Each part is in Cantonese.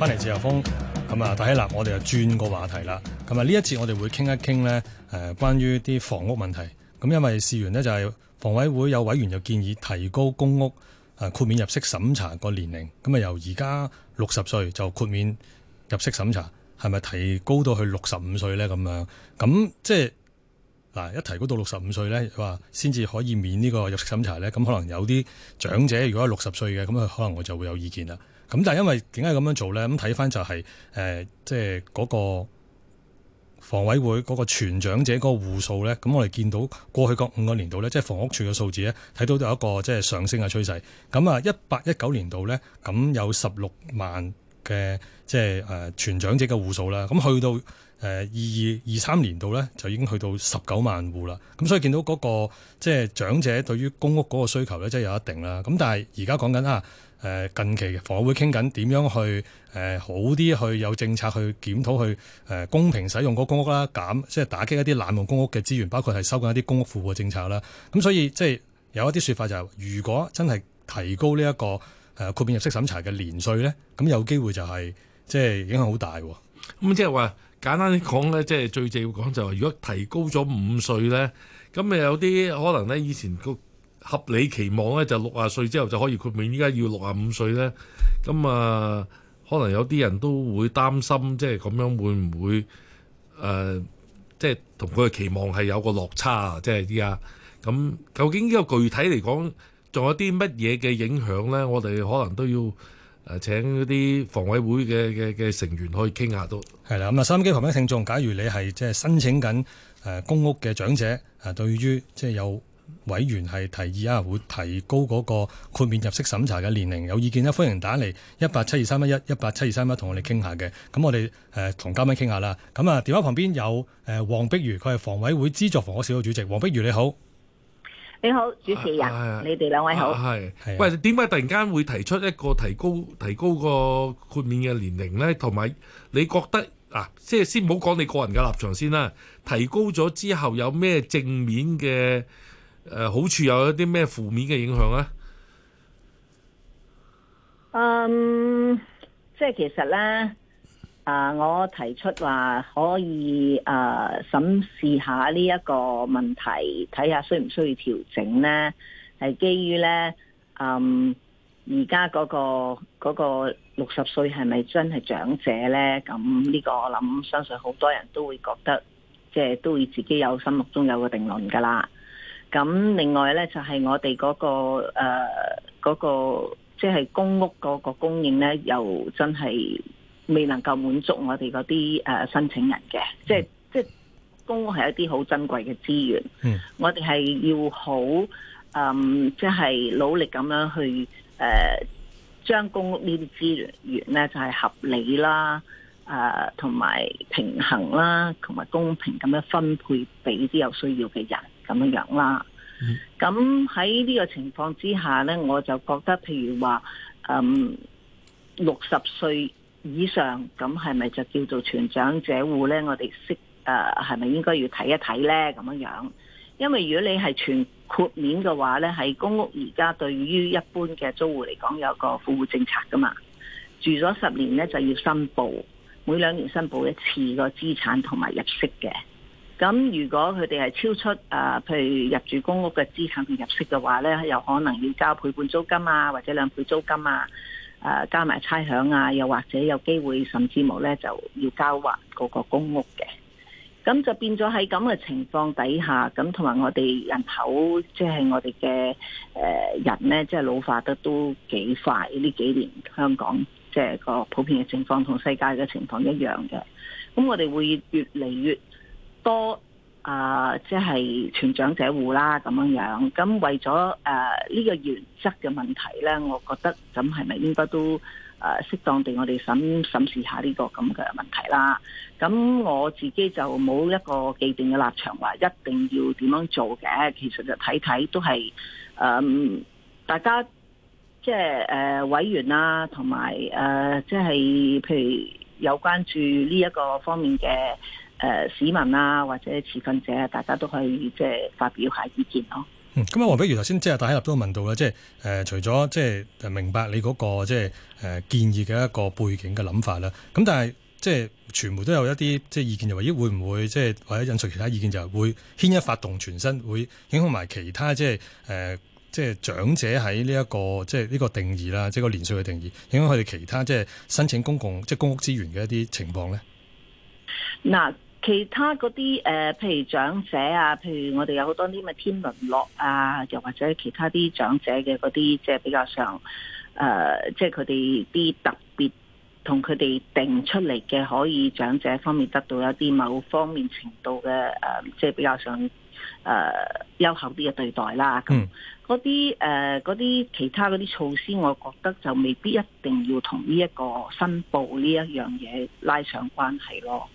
翻嚟自由風咁啊，睇啦，我哋就轉個話題啦。咁啊，呢一次，我哋會傾一傾呢誒，關於啲房屋問題。咁因為事緣呢，就係房委會有委員就建議提高公屋誒豁免入息審查個年齡。咁啊，由而家六十歲就豁免入息審查，係咪提高到去六十五歲呢？咁樣咁即係嗱，一提高到六十五歲呢，話先至可以免呢個入息審查呢。咁可能有啲長者如果係六十歲嘅，咁佢可能我就會有意見啦。咁但係因為點解咁樣做咧？咁睇翻就係誒，即係嗰個房委會嗰個全長者嗰個戶數咧。咁我哋見到過去嗰五個年度咧，即係房屋處嘅數字咧，睇到都有一個即係上升嘅趨勢。咁啊，一八一九年度咧，咁有十六萬嘅即係誒全長者嘅戶數啦。咁去到。誒二二二三年度咧，就已經去到十九萬戶啦。咁所以見到嗰個即係長者對於公屋嗰個需求咧，即係有一定啦。咁但係而家講緊啊，誒近期房委會傾緊點樣去誒好啲去有政策去檢討去誒公平使用嗰個公屋啦，減即係打擊一啲濫用公屋嘅資源，包括係收緊一啲公屋富戶嘅政策啦。咁所以即係有一啲説法就係、是，如果真係提高呢一個誒豁免入息審查嘅年歲咧，咁有機會就係、是、即係影響好大。咁即係話。簡單啲講呢，即係最正要講就係，如果提高咗五歲呢，咁咪有啲可能呢？以前個合理期望呢，就六啊歲之後就可以豁免，依家要六啊五歲呢，咁啊可能有啲人都會擔心，即係咁樣會唔會誒，即係同佢嘅期望係有個落差啊！即係依家咁，究竟呢個具體嚟講，仲有啲乜嘢嘅影響呢？我哋可能都要。誒，請嗰啲房委會嘅嘅嘅成員可以傾下都係啦。咁啊，收音機旁邊聽眾，假如你係即係申請緊誒公屋嘅長者，啊，對於即係有委員係提議啊，會提高嗰個豁免入息審查嘅年齡，有意見呢，歡迎打嚟一八七二三一一，一八七二三一同我哋傾下嘅。咁我哋誒同嘉賓傾下啦。咁、呃、啊，電話旁邊有誒黃碧如，佢係房委會資助房屋小組主席。黃碧如你好。你好，主持人，啊啊、你哋兩位好。係、啊啊啊、喂，點解突然間會提出一個提高提高個豁免嘅年齡呢？同埋，你覺得啊即係先唔好講你個人嘅立場先啦。提高咗之後有咩正面嘅誒好處，有一啲咩負面嘅影響呢？嗯，即係其實呢。啊、呃！我提出話可以誒審視下呢一個問題，睇下需唔需要調整咧，係基於咧，嗯，而家嗰個、嗰個六十歲係咪真係長者咧？咁呢個，我諗相信好多人都會覺得，即係都會自己有心目中有個定論噶啦。咁另外咧，就係我哋嗰個誒嗰個即係公屋嗰個供應咧，又真係。未能夠滿足我哋嗰啲誒申請人嘅，即係、mm. 即係公屋係一啲好珍貴嘅資源。Mm. 我哋係要好嗯，即、就、係、是、努力咁樣去誒、呃，將公屋呢啲資源咧就係、是、合理啦，誒同埋平衡啦，同埋公平咁樣分配俾啲有需要嘅人咁樣樣啦。咁喺呢個情況之下咧，我就覺得譬如話，嗯，六十歲。以上咁係咪就叫做全長者戶呢？我哋識，誒、係、啊、咪應該要睇一睇呢？咁樣樣，因為如果你係全豁免嘅話呢，喺公屋而家對於一般嘅租戶嚟講，有一個富戶政策噶嘛，住咗十年呢，就要申報，每兩年申報一次個資產同埋入息嘅。咁如果佢哋係超出誒、啊，譬如入住公屋嘅資產同入息嘅話呢，有可能要交倍半租金啊，或者兩倍租金啊。誒，加埋差餉啊，又或者有機會甚至冇咧，就要交還嗰個公屋嘅。咁就變咗喺咁嘅情況底下，咁同埋我哋人口，即係我哋嘅誒人咧，即係老化得都幾快呢幾年，香港即係個普遍嘅情況同世界嘅情況一樣嘅。咁我哋會越嚟越多。啊、呃，即係純長者戶啦，咁樣樣，咁為咗誒呢個原則嘅問題呢，我覺得咁係咪應該都誒適、呃、當地我哋審審視下呢個咁嘅問題啦。咁我自己就冇一個既定嘅立場，話一定要點樣做嘅。其實就睇睇都係，嗯、呃，大家即係誒、呃、委員啊，同埋誒即係譬如有關注呢一個方面嘅。誒、呃、市民啊，或者持份者啊，大家都可以即係、呃、發表一下意見咯。咁啊，黃、嗯、碧、嗯嗯、如頭先即係大家入都問到啦，即係誒、呃、除咗即係明白你嗰、那個即係誒、呃、建議嘅一個背景嘅諗法啦。咁但係即係傳媒都有一啲即係意見就唯咦會唔會即係或者引述其他意見，就係會牽一髮動全身，會影響埋其他即係誒、呃、即係長者喺呢一個即係呢、這個定義啦，即係個年歲嘅定義影響佢哋其他即係申請公共即係公屋資源嘅一啲情況咧。嗱。其他嗰啲誒，譬如長者啊，譬如我哋有好多啲咪天倫樂啊，又或者其他啲長者嘅嗰啲，即係比較上誒、呃，即係佢哋啲特別同佢哋定出嚟嘅，可以長者方面得到一啲某方面程度嘅誒、呃，即係比較上誒、呃、優厚啲嘅對待啦。嗯。嗰啲誒啲其他嗰啲措施，我覺得就未必一定要同呢一個申報呢一樣嘢拉上關係咯。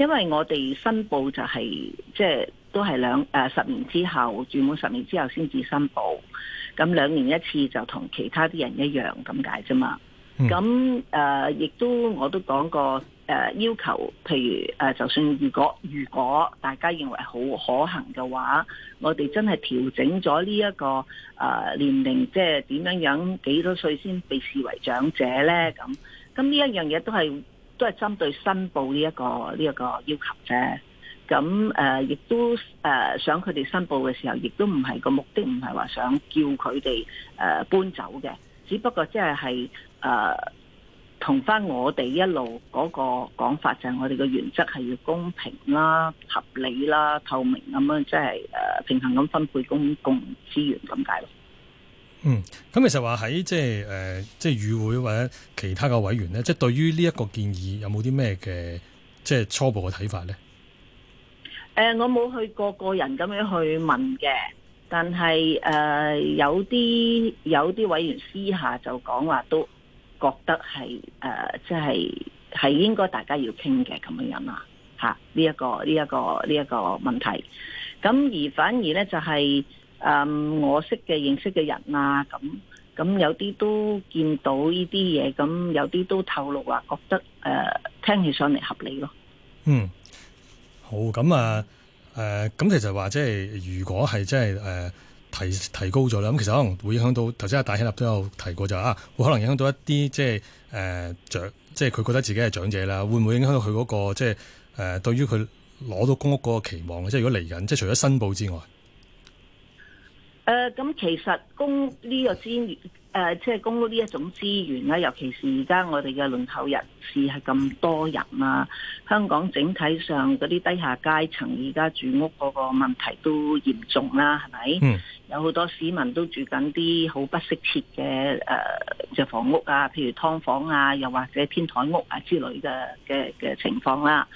因為我哋申報就係、是、即係都係兩、呃、十年之後，住滿十年之後先至申報。咁兩年一次就同其他啲人一樣咁解啫嘛。咁亦、呃、都我都講過、呃、要求，譬如、呃、就算如果如果大家認為好可行嘅話，我哋真係調整咗呢一個、呃、年齡，即係點樣樣幾多歲先被視為長者咧？咁咁呢一樣嘢都係。都係針對申報呢一個呢一個要求啫。咁誒，亦都誒想佢哋申報嘅時候，亦都唔係個目的，唔係話想叫佢哋誒搬走嘅。只不過即係係誒同返我哋一路嗰個講法，就係我哋嘅原則係要公平啦、合理啦、透明咁樣，即係誒平衡咁分配公共資源咁解。嗯，咁其實話喺即係誒，即係與會或者其他嘅委員咧，即係對於呢一個建議有冇啲咩嘅即係初步嘅睇法咧？誒，我冇去個個人咁樣去問嘅，但係誒有啲有啲委員私下就講話都覺得係誒，即係係應該大家要傾嘅咁樣樣啦，吓呢一個呢一個呢一個問題，咁而反而咧就係。誒、um,，我識嘅認識嘅人啊，咁咁有啲都見到呢啲嘢，咁有啲都透露話、啊、覺得誒、呃，聽起上嚟合理咯。嗯，好，咁、嗯、啊，誒、嗯，咁其實話即係如果係即係誒提提高咗啦，咁其實可能會影響到頭先阿戴希立都有提過就是、啊，會可能影響到一啲即係誒長，即係佢覺得自己係長者啦，會唔會影響到佢嗰、那個即係誒對於佢攞到公屋嗰個期望，即係如果嚟緊，即、就、係、是、除咗申報之外。誒、呃，咁其實供呢個資源，誒、呃，即係供呢一種資源咧，尤其是而家我哋嘅輪候人士係咁多人啦，香港整體上嗰啲低下階層而家住屋嗰個問題都嚴重啦，係咪？嗯有好多市民都住緊啲好不適切嘅誒嘅房屋啊，譬如劏房啊，又或者天台屋啊之類嘅嘅嘅情況啦。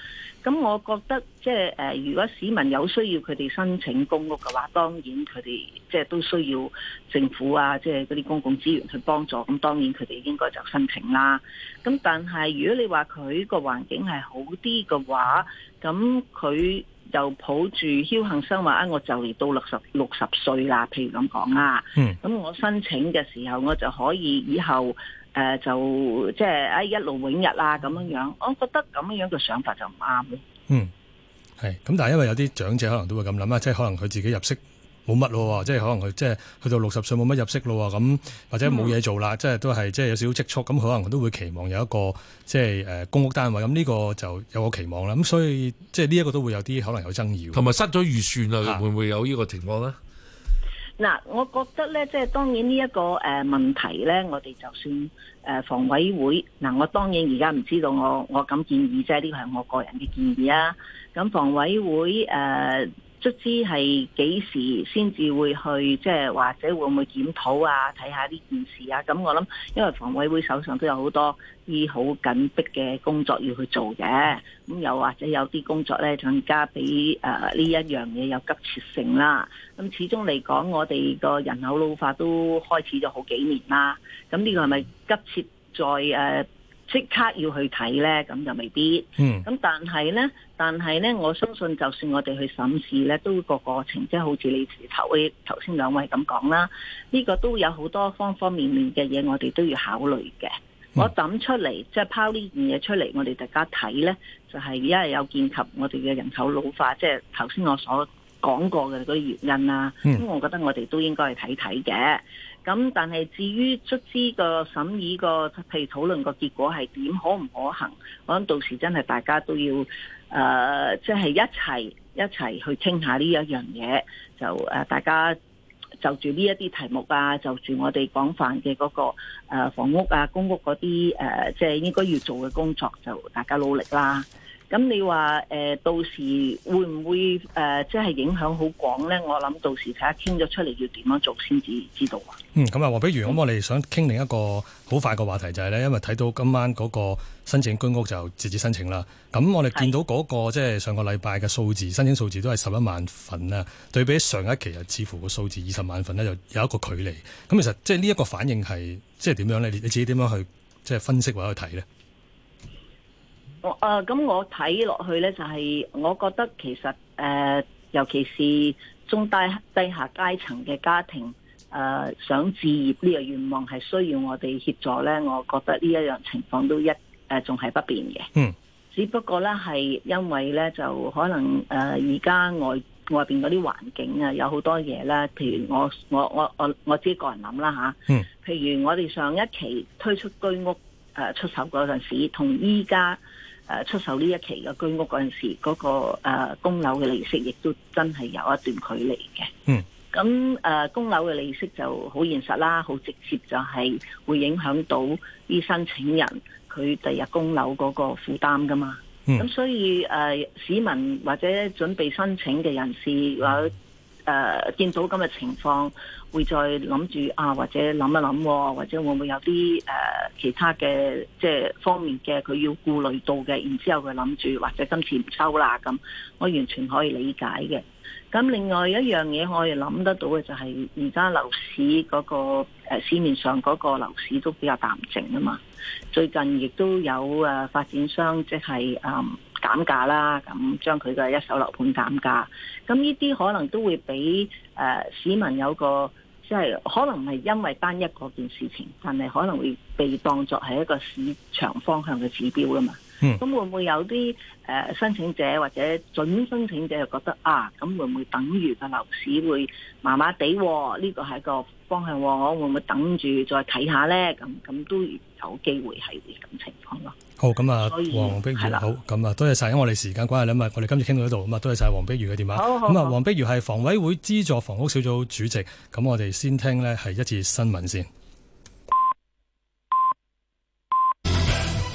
咁我覺得即係，誒，如果市民有需要，佢哋申請公屋嘅話，當然佢哋即係都需要政府啊，即係嗰啲公共資源去幫助。咁當然佢哋應該就申請啦。咁但係如果你話佢個環境係好啲嘅話，咁佢。就抱住僥幸心話，我就嚟到六十六十歲啦，譬如咁講啦。嗯，咁我申請嘅時候，我就可以以後誒、呃，就即係誒一勞永逸啦，咁樣樣。我覺得咁樣樣嘅想法就唔啱咯。嗯，係。咁但係因為有啲長者可能都會咁諗啊，即係可能佢自己入息。冇乜咯，即係可能佢即係去到六十歲冇乜入息咯，咁或者冇嘢做啦、嗯，即係都係即係有少少積蓄，咁可能我都會期望有一個即係誒公屋單位，咁呢個就有個期望啦。咁所以即係呢一個都會有啲可能有爭議，同埋失咗預算了啊，會唔會有呢個情況呢？嗱，我覺得呢，即係當然呢一個誒問題呢，我哋就算誒、呃、房委會，嗱、呃、我當然而家唔知道我，我我咁建議即係呢個係我個人嘅建議啊。咁房委會誒。呃嗯都知係幾時先至會去，即係或者會唔會檢討啊？睇下呢件事啊！咁我諗，因為房委會手上都有好多啲好緊迫嘅工作要去做嘅，咁又或者有啲工作咧更加比誒呢一樣嘢有急切性啦。咁始終嚟講，我哋個人口老化都開始咗好幾年啦。咁呢個係咪急切在誒？呃即刻要去睇呢，咁就未必。咁、嗯、但係呢，但係呢，我相信就算我哋去審視呢，都個過程即係、就是、好似你頭位頭先兩位咁講啦。呢、這個都有好多方方面面嘅嘢，我哋都要考慮嘅、嗯。我抌出嚟即係拋呢件嘢出嚟，我哋大家睇呢，就係一係有見及我哋嘅人口老化，即係頭先我所講過嘅嗰個原因啦、啊。咁、嗯、我覺得我哋都應該去睇睇嘅。咁，但係至於出資個審議個，譬如討論個結果係點，可唔可行？我諗到時真係大家都要，誒，即係一齊一齊去傾下呢一樣嘢，就誒、是呃，大家就住呢一啲題目啊，就住我哋廣泛嘅嗰個房屋啊公屋嗰啲誒，即、呃、係、就是、應該要做嘅工作，就大家努力啦。咁你話誒、呃，到時會唔會誒，即、呃、係影響好廣咧？我諗到時睇下傾咗出嚟要點樣做先至知道啊。嗯，咁啊，話比如咁，我哋想傾另一個好快個話題就係咧，因為睇到今晚嗰個申請居屋就截止申請啦。咁我哋見到嗰、嗰個即係上個禮拜嘅數字，申請數字都係十一萬份啊。對比上一期啊，似乎個數字二十萬份呢，就有一個距離。咁其實即係呢一個反應係即係點樣咧？你你自己點樣去即係分析或者去睇咧？啊，咁我睇落去咧，就係、是、我覺得其實誒、呃，尤其是中低低下階層嘅家庭誒、呃，想置業呢個願望係需要我哋協助咧。我覺得呢一樣情況都一誒，仲、呃、係不變嘅。嗯。只不過咧，係因為咧，就可能誒，而、呃、家外外邊嗰啲環境啊，有好多嘢啦。譬如我我我我我自己個人諗啦吓。嗯。譬如我哋上一期推出居屋誒、呃、出售嗰陣時候，同依家。誒，出售呢一期嘅居屋嗰陣時，嗰、嗰個誒供樓嘅利息，亦都真係有一段距離嘅。嗯。咁誒，供樓嘅利息就好現實啦，好直接就係會影響到啲申請人佢第日供樓嗰個負擔噶嘛。咁、嗯、所以誒、呃，市民或者準備申請嘅人士，誒見到咁嘅情況，會再諗住啊，或者諗一諗，或者會唔會有啲誒、呃、其他嘅即係方面嘅佢要顧慮到嘅，然之後佢諗住或者今次唔收啦，咁，我完全可以理解嘅。咁另外一樣嘢可以諗得到嘅就係而家樓市嗰、個、呃、市面上嗰個樓市都比較淡靜啊嘛，最近亦都有誒發展商即係、誒嗯減價啦，咁將佢嘅一手樓盤減價，咁呢啲可能都會俾誒市民有個即係可能唔係因為單一嗰件事情，但係可能會被當作係一個市場方向嘅指標啊嘛。咁、嗯、會唔會有啲誒申請者或者準申請者就覺得啊，咁會唔會等於個樓市會麻麻地？呢個係一個方向，我會唔會等住再睇下咧？咁咁都有機會係會咁情況咯。好，咁啊，黃碧如好。咁啊，多謝晒，因為我哋時間關係啦嘛，我哋今日傾到呢度。咁啊，多謝晒黃碧如嘅電話。好，好，好。咁啊，黃碧如係房委會資助房屋小組主席。咁我哋先聽呢係一節新聞先。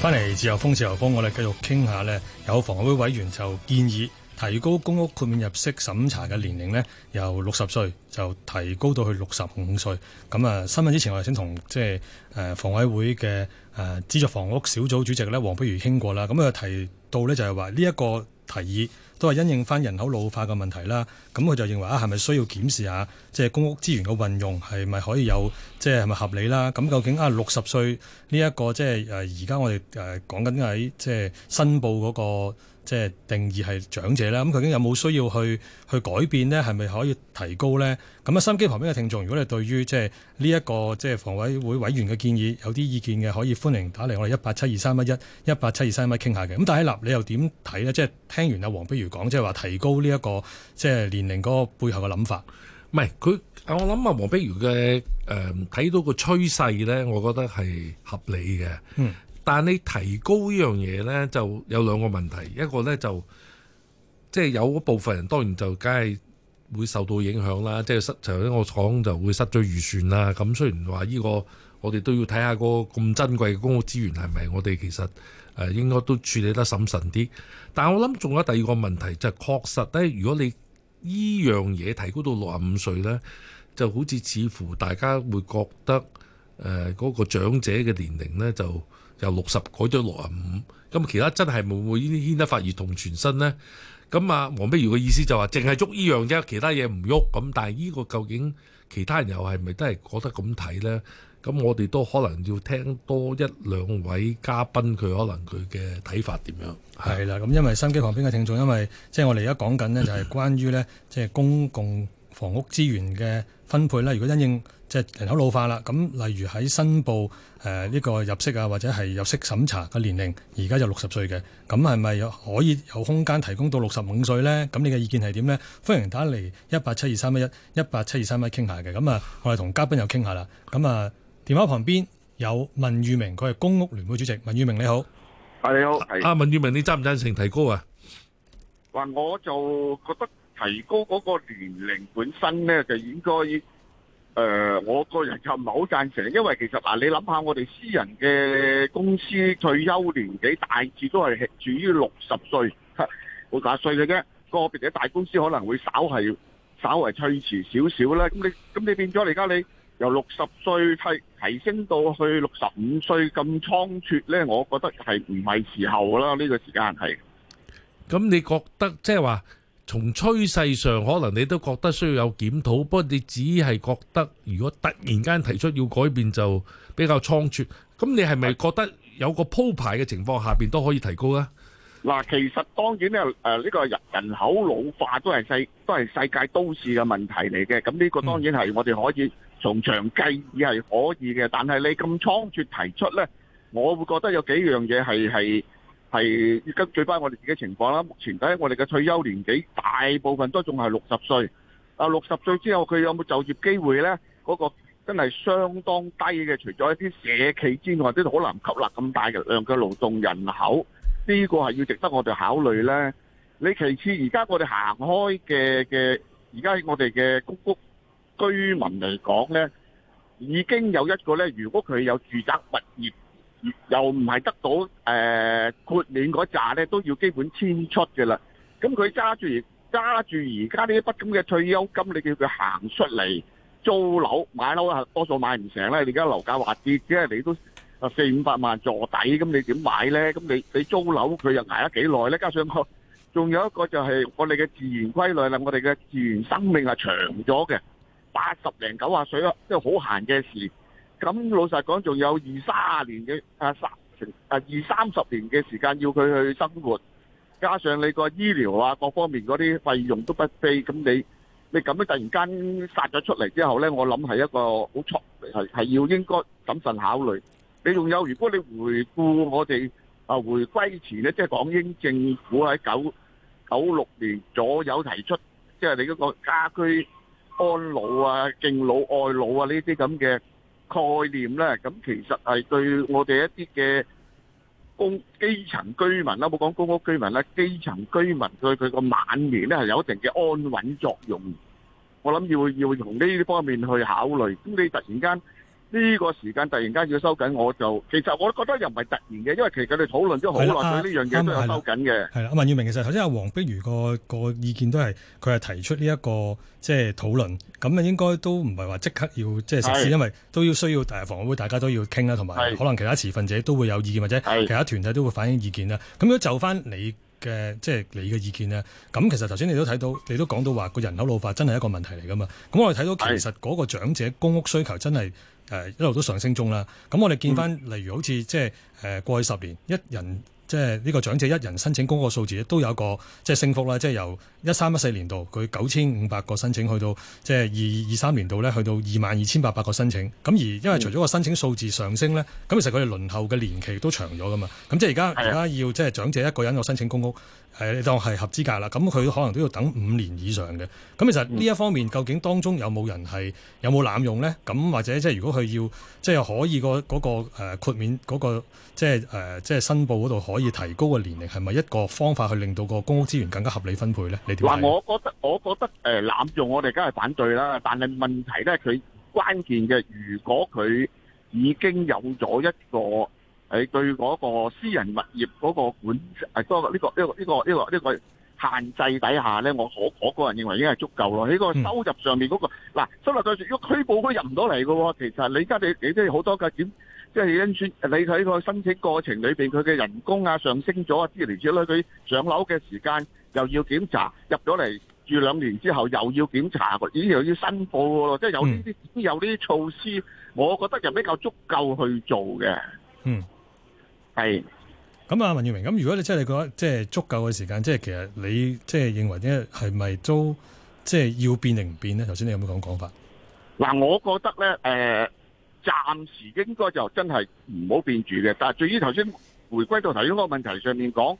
翻嚟自由風，自由風，我哋繼續傾下呢，有房委會委員就建議提高公屋豁免入息審查嘅年齡呢，由六十歲就提高到去六十五歲。咁啊，新聞之前我哋先同即係誒房委會嘅誒、呃、資助房屋小組主席咧黃碧如傾過啦。咁啊佢提到呢，就係話呢一個提議。都係因應翻人口老化嘅問題啦，咁佢就認為啊，係咪需要檢視下，即係公屋資源嘅運用係咪可以有，即係係咪合理啦？咁究竟啊六十歲呢一個即係誒而家我哋誒講緊喺即係申報嗰個。就是啊即係定義係長者啦，咁究竟有冇需要去去改變呢？係咪可以提高呢？咁啊，心機旁邊嘅聽眾，如果你對於即係呢一個即係房委會委員嘅建議有啲意見嘅，可以歡迎打嚟我哋一八七二三一一一八七二三一傾下嘅。咁戴偉立，你又點睇呢？即係聽完阿黃碧如講，即係話提高呢一個即係年齡嗰個背後嘅諗法，唔係佢。我諗啊，黃碧如嘅誒睇到個趨勢咧，我覺得係合理嘅。嗯。但你提高呢樣嘢呢，就有兩個問題。一個呢，就即係、就是、有一部分人當然就梗係會受到影響啦，即、就、係、是、失就呢個廠就會失咗預算啦。咁雖然話呢、這個我哋都要睇下那個咁珍貴嘅公共資源係咪我哋其實誒、呃、應該都處理得審慎啲。但係我諗仲有第二個問題，就係、是、確實呢，如果你呢樣嘢提高到六十五歲呢，就好似似乎大家會覺得誒嗰、呃那個長者嘅年齡呢就～由六十改咗六啊五，咁其他真係會唔會牽一髮而動全身咧？咁啊，黃碧如嘅意思就話，淨係喐依樣啫，其他嘢唔喐。咁但係呢個究竟其他人又係咪都係覺得咁睇咧？咁我哋都可能要聽多一兩位嘉賓，佢可能佢嘅睇法點樣？係啦，咁因為新機旁邊嘅聽眾，因為即係我哋而家講緊咧，就係關於咧，即係公共房屋資源嘅分配啦。 如果因應，即、就、係、是、人口老化啦，咁例如喺申報誒呢、呃這個入息啊，或者係入息審查嘅年齡，而家就六十歲嘅，咁係咪可以有空間提供到六十五歲咧？咁你嘅意見係點咧？歡迎打嚟一八七二三一一一八七二三一傾下嘅，咁啊，我哋同嘉賓又傾下啦。咁啊，電話旁邊有文裕明，佢係公屋聯會主席，文裕明你好，啊你好，啊文裕明，你贊唔贊成提高啊？嗱，我就覺得提高嗰個年齡本身咧，就應該。誒、呃，我個人就唔係好贊成，因為其實嗱、啊，你諗下我哋私人嘅公司退休年紀大致都係係屬於六十歲，冇假歲嘅啫。個別嘅大公司可能會稍係稍為推遲少少咧。咁你咁你變咗，而家你由六十歲提提升到去六十五歲咁倉促咧，我覺得係唔係時候啦。呢、這個時間係。咁、嗯、你覺得即係話？就是從趨勢上，可能你都覺得需要有檢討，不過你只係覺得如果突然間提出要改變就比較倉促，咁你係咪覺得有個鋪排嘅情況下邊都可以提高呢？嗱，其實當然呢，誒呢個人人口老化都係世都係世界都市嘅問題嚟嘅，咁呢個當然係我哋可以從長計議係可以嘅，但係你咁倉促提出呢，我會覺得有幾樣嘢係係。係要根據翻我哋自己情況啦。目前睇，我哋嘅退休年紀大部分都仲係六十歲。啊，六十歲之後佢有冇就業機會呢？嗰個真係相當低嘅。除咗一啲社企之外，都好難吸納咁大嘅量嘅勞動人口。呢個係要值得我哋考慮呢。你其次，而家我哋行開嘅嘅，而家我哋嘅公屋居民嚟講呢，已經有一個呢，如果佢有住宅物業。又唔係得到誒、呃、豁免嗰紮咧，都要基本遷出嘅啦。咁佢揸住揸住而家呢一筆咁嘅退休金，你叫佢行出嚟租樓買樓，多數買唔成咧。而家樓價話跌係你都四五百萬坐底，咁你點買咧？咁你你租樓，佢又捱得幾耐咧？加上個仲有一個就係我哋嘅自然規律啦，我哋嘅自然生命係長咗嘅，八十零九啊歲啦，即係好閒嘅事。咁老實講，仲有二三廿年嘅啊三成啊二三十年嘅時間要佢去生活，加上你個醫療啊各方面嗰啲費用都不菲。咁你你咁樣突然間殺咗出嚟之後咧，我諗係一個好錯係係要應該審慎考慮。你仲有如果你回顧我哋啊回歸前咧，即係港英政府喺九九六年左右提出，即係你嗰個家居安老啊、敬老愛老啊呢啲咁嘅。概念咧，咁其實係對我哋一啲嘅工基層居民啦，冇講公屋居民啦，基層居民對佢個晚年咧係有一定嘅安穩作用。我諗要要從呢啲方面去考慮，咁你突然間。呢、這個時間突然間要收緊，我就其實我覺覺得又唔係突然嘅，因為其實你討論咗好耐，對呢樣嘢都有收緊嘅。係啦，阿文裕明，其實頭先阿黃碧如個個意見都係佢係提出呢、這、一個即係討論，咁、就、啊、是、應該都唔係話即刻要即係實施，因為都要需要大房會大家都要傾啦，同埋可能其他持份者都會有意見或者其他團體都會反映意見啦。咁如果就返你嘅即係你嘅意見呢，咁其實頭先你都睇到，你都講到話個人口老化真係一個問題嚟㗎嘛。咁我哋睇到其實嗰個長者公屋需求真係。是誒一路都上升中啦，咁我哋見翻例如好似即係誒過去十年一人，即係呢個長者一人申請公屋嘅數字都有個即係升幅啦。即係由一三一四年度佢九千五百個申請，去到即係二二三年度咧，去到二萬二千八百個申請。咁而因為除咗個申請數字上升咧，咁其實佢哋輪候嘅年期都長咗㗎嘛。咁即係而家而家要即係長者一個人有申請公屋，你當係合資格啦。咁佢可能都要等五年以上嘅。咁其實呢一方面究竟當中有冇人係有冇濫用咧？咁或者即係如果佢要即係可以、嗰個嗰、嗰個、嗰個、豁免嗰、嗰個即係、呃、即係申報嗰度可？以提高嘅年齡係咪一個方法去令到個公屋資源更加合理分配咧？你點睇？嗱，我覺得我覺得誒濫用我哋梗係反對啦。但係問題咧，佢關鍵嘅，如果佢已經有咗一個係對嗰個私人物業嗰個管誒嗰個呢個呢個呢個呢個呢個限制底下咧，我我個人認為已經係足夠咯。呢個收入上面嗰個嗱，收入對住要拘捕都入唔到嚟嘅喎。其實你而家你你都好多嘅點？即係因專你喺個申請過程裏邊，佢嘅人工啊上升咗啊之嚟之類，佢上樓嘅時間又要檢查，入咗嚟住兩年之後又要檢查，咦又要申報喎，即係有呢啲有呢啲措施，我覺得又比較足夠去做嘅。嗯，係。咁啊，文裕明，咁如果你真係你覺得即係足夠嘅時間，即係其實你即係認為咧係咪都即係要變定唔變咧？頭先你有冇講講法？嗱，我覺得咧，誒。暫時應該就真係唔好變住嘅，但係至於頭先回歸到頭先嗰個問題上面講，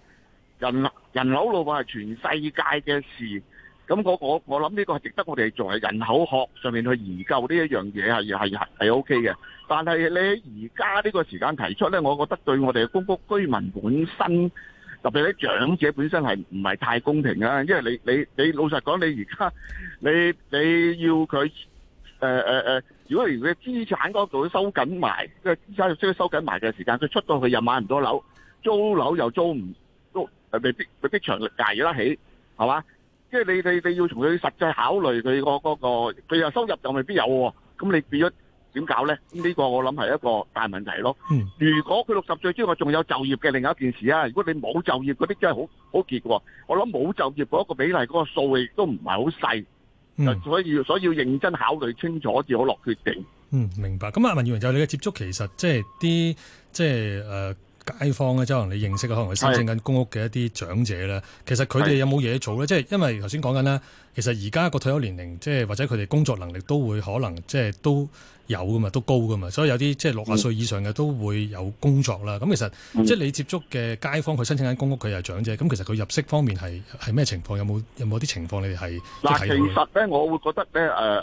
人人口老化係全世界嘅事，咁我我我諗呢個係值得我哋作為人口學上面去研究呢一樣嘢係係 O K 嘅，但係你而家呢個時間提出咧，我覺得對我哋嘅公屋居民本身，特別啲長者本身係唔係太公平呀？因為你你你老實講，你而家你你要佢。誒誒誒，如果如果資產嗰度收緊埋，即係資產需要收緊埋嘅時間，佢出到去又買唔到樓，租樓又租唔到，誒未必未必長捱得起，係嘛？即係你你你要從佢實際考慮佢個嗰個，佢又收入又未必有，咁你變咗點搞咧？咁呢個我諗係一個大問題咯。嗯，如果佢六十歲之後，仲有就業嘅另一件事啊，如果你冇就業嗰啲真係好好結嘅，我諗冇就業嗰一個比例嗰個數亦都唔係好細。所以所以要認真考慮清楚至好落決定。嗯，明白。咁阿文裕明就是、你嘅接觸，其實即係啲即係誒、呃、街坊咧，即係可能你認識嘅，可能佢申請緊公屋嘅一啲長者啦。其實佢哋有冇嘢做咧？即係因為頭先講緊啦，其實而家個退休年齡，即係或者佢哋工作能力都會可能即係都。有噶嘛，都高噶嘛，所以有啲即係六十歲以上嘅都會有工作啦。咁、嗯、其實即係你接觸嘅街坊，佢申請緊公屋，佢又長者。咁其實佢入息方面係係咩情況？有冇有冇啲情況你哋係嗱，其實咧，我會覺得咧，誒、呃、誒，而、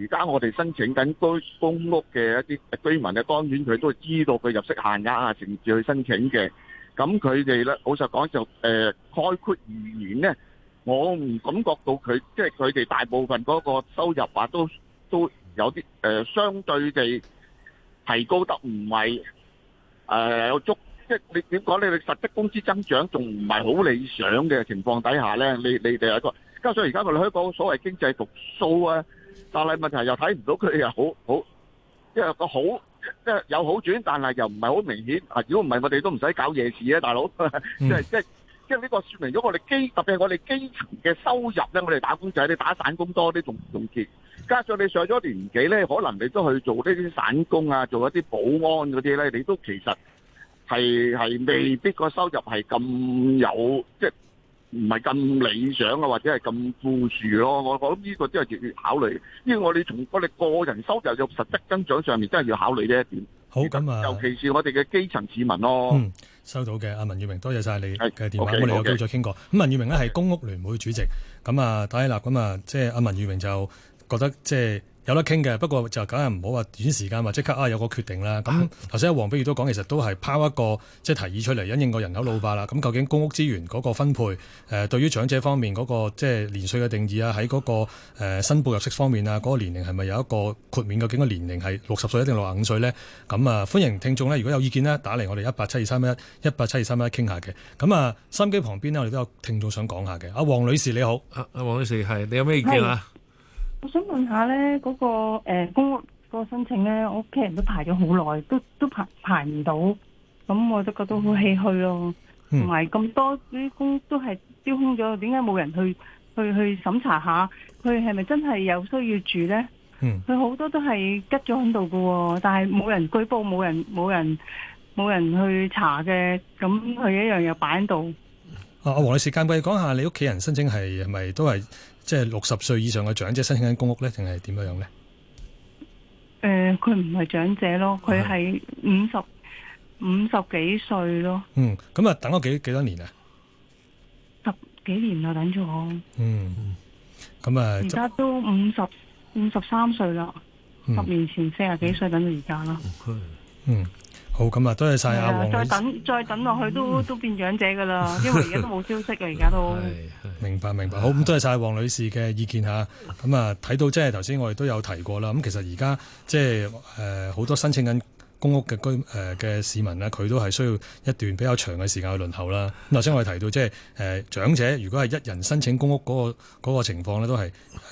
呃、家我哋申請緊居公屋嘅一啲居民嘅當然佢都知道佢入息限額啊，甚至去申請嘅。咁佢哋咧，老實講就誒，概、呃、括而言咧，我唔感覺到佢即係佢哋大部分嗰個收入話、啊、都都。都有啲誒，相對地提高得唔係誒有足，即係你點講咧？你實質工資增長仲唔係好理想嘅情況底下咧，你你就係一個。加上而家我哋香港所謂經濟復甦啊，但係問題又睇唔到佢又好好，即係個好即係有好轉，但係又唔係好明顯。如果唔係，我哋都唔使搞夜市啊，大佬。即係即係。即係呢個説明咗我哋基，特別係我哋基層嘅收入咧，我哋打工仔，你打散工多啲仲仲結，加上你上咗年紀咧，可能你都去做呢啲散工啊，做一啲保安嗰啲咧，你都其實係係未必個收入係咁有，即係唔係咁理想啊，或者係咁富庶咯。我諗呢個都係要考慮。因為我哋從我哋個人收入嘅實質增長上面，真係要考慮呢一點。好咁啊！尤其是我哋嘅基層市民咯。嗯，收到嘅，阿文裕明，多謝晒你嘅電話，我哋有機會再傾過。咁文裕明咧係公屋聯會主席，咁啊，戴偉立，咁啊，即係阿文裕明就覺得即係。有得傾嘅，不過就梗係唔好話短時間或即刻啊有個決定啦。咁頭先阿黃碧如都講，其實都係拋一個即係提議出嚟，因應個人口老化啦。咁究竟公屋資源嗰個分配，誒、呃、對於長者方面嗰、那個即係年歲嘅定義啊，喺嗰、那個誒、呃、申報入息方面啊，嗰、那個年齡係咪有一個豁免？究竟個年齡係六十歲一定六十五歲呢？咁啊，歡迎聽眾呢。如果有意見呢，打嚟我哋一八七二三一一八七二三一傾下嘅。咁啊，心機旁邊呢，我哋都有聽眾想講下嘅。阿、啊、黃女士你好，阿阿黃女士係，你有咩意見啊？我想問一下呢嗰、嗰個、呃、公屋個申請呢，我屋企人都排咗好耐，都都排排唔到，咁我都覺得好唏噓咯、哦。同埋咁多啲公屋都係丟空咗，點解冇人去去去審查一下？佢係咪真係有需要住呢？佢、嗯、好多都係吉咗喺度嘅喎，但係冇人舉報，冇人冇人冇人去查嘅，咁佢一樣又擺喺度。阿黃女士，介唔介意講下你屋企人申請係係咪都係？即係六十歲以上嘅長者申請緊公屋咧，定係點樣樣咧？誒、呃，佢唔係長者咯，佢係五十五十幾歲咯。嗯，咁啊，等咗幾幾多年啊？十幾年啦，等住我。嗯，咁啊，而家都五十五十三歲啦，十年前四十幾歲，等到而家啦。嗯。嗯好，咁啊，多謝晒阿黃。再等再等落去都、嗯、都變長者噶啦，因為而家都冇消息啊，而 家都。明白明白，好，咁多謝晒黃女士嘅意見吓。咁 啊，睇到即係頭先我哋都有提過啦。咁其實而家即係誒，好、呃、多申請緊。公屋嘅居誒嘅、呃、市民咧，佢都係需要一段比較長嘅時間去輪候啦。咁頭先我哋提到，即係誒、呃、長者如果係一人申請公屋嗰、嗰個嗰個情況咧，都係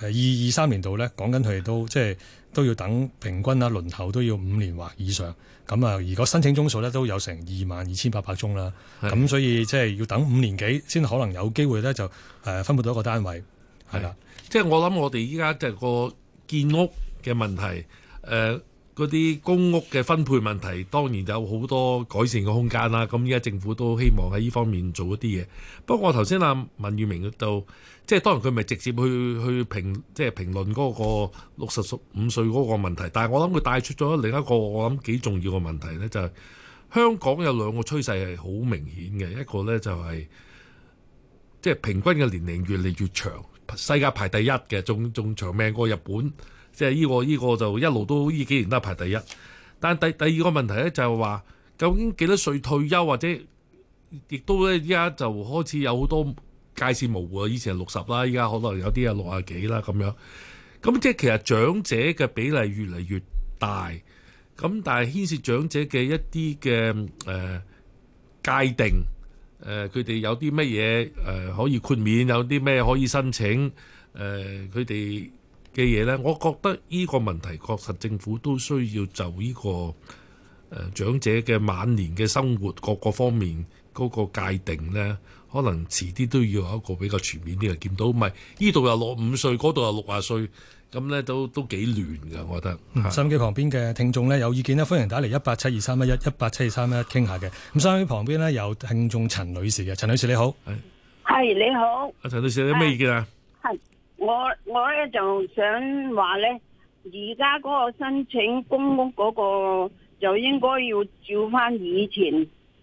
二二三年度咧講緊佢哋都即係都要等平均啊輪候都要五年或以上。咁啊，如果申請宗數咧都有成二萬二千八百宗啦。咁所以即係要等五年幾先可能有機會咧就誒分配到一個單位係啦。即係我諗我哋依家就個建屋嘅問題誒。呃嗰啲公屋嘅分配問題，當然有好多改善嘅空間啦。咁依家政府都希望喺呢方面做一啲嘢。不過頭先阿文裕明就即係當然佢咪直接去去評即係評論嗰個六十五歲嗰個問題。但係我諗佢帶出咗另一個我諗幾重要嘅問題呢，就係、是、香港有兩個趨勢係好明顯嘅，一個呢，就係、是、即係平均嘅年齡越嚟越長，世界排第一嘅，仲仲長命過日本。即係呢個呢、這個就一路都依幾年都排第一，但第第二個問題咧就係、是、話究竟幾多歲退休或者亦都咧依家就開始有好多界線模糊啊，以前係六十啦，依家可能有啲係六十幾啦咁樣。咁即係其實長者嘅比例越嚟越大，咁但係牽涉長者嘅一啲嘅誒界定，誒佢哋有啲乜嘢誒可以豁免，有啲咩可以申請，誒佢哋。嘅嘢咧，我覺得呢個問題確實政府都需要就呢、呢個誒、呃、長者嘅晚年嘅生活各個方面嗰個界定咧，可能遲啲都要有一個比較全面啲嘅檢討，唔係呢度又六五歲，嗰度又六啊歲，咁咧都都幾亂㗎，我覺得。收音機旁邊嘅聽眾咧有意見咧，歡迎打嚟一八七二三一一一八七二三一一傾下嘅。咁收音機旁邊咧有聽眾陳女士嘅，陳女士你好，係你好，阿陳女士你有咩意見啊？我我咧就想話咧，而家嗰個申請公屋嗰、那個就應該要照返以前，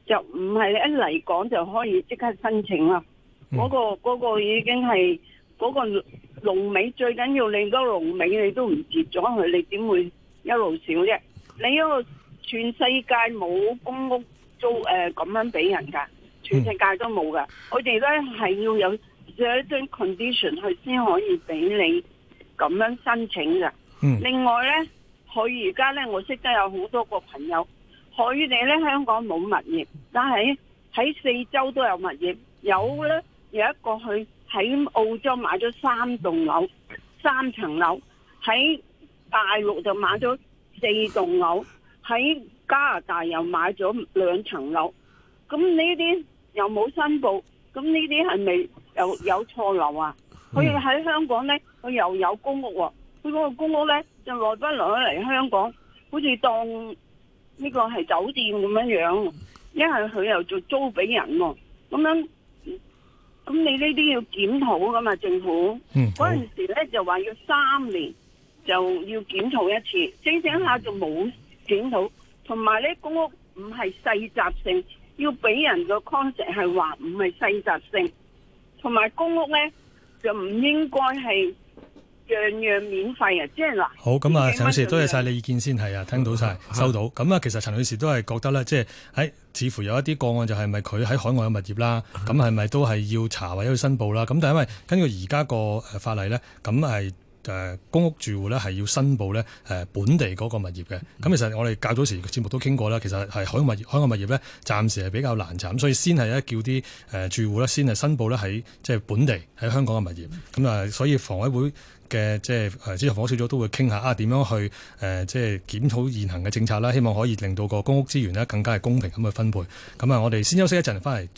就唔係一嚟講就可以即刻申請啦。嗰、嗯那個、那個已經係嗰、那個龍尾，最緊要你那個龍尾你都唔截咗佢，你點會一路少啫？你一個全世界冇公屋租誒咁、呃、樣俾人噶，全世界都冇噶、嗯，我哋咧係要有。有一堆 condition，佢先可以俾你咁樣申請嘅。另外呢，佢而家呢，我識得有好多個朋友，佢哋呢，香港冇物業，但係喺四周都有物業。有呢，有一個佢喺澳洲買咗三棟樓，三層樓；喺大陸就買咗四棟樓；喺加拿大又買咗兩層樓。咁呢啲又冇申報。咁呢啲係咪有錯漏啊？佢喺香港呢，佢又有公屋、哦，佢、那、嗰個公屋呢，就耐不耐來翻嚟香港，好似當呢個係酒店咁樣樣，因為佢又做租俾人喎、哦。咁樣，咁你呢啲要檢討噶嘛？政府嗰陣、嗯、時呢就話要三年就要檢討一次，整整下就冇檢討，同埋呢公屋唔係世襲性，要俾人嘅 concept 係話唔係世襲性，同埋公屋咧就唔應該係樣樣免費嘅，即係話。好，咁啊，陳女士多謝晒你意見先。係啊，聽到晒，收到。咁啊，其實陳女士都係覺得咧，即係唉似乎有一啲個案就係咪佢喺海外嘅物業啦，咁係咪都係要查或者去申報啦？咁但係因為根據而家個誒法例咧，咁係。誒公屋住戶咧係要申報咧誒本地嗰個物業嘅，咁、嗯、其實我哋較早時節目都傾過啦，其實係海外物海外物業咧，海物業暫時係比較難查，所以先係咧叫啲住戶咧先係申報咧喺即係本地喺香港嘅物業，咁、嗯、啊、嗯，所以房委會嘅即係即房小組都都會傾下啊，點樣去誒即係檢討現行嘅政策啦，希望可以令到個公屋資源呢更加公平咁去分配，咁啊，我哋先休息一陣，翻嚟。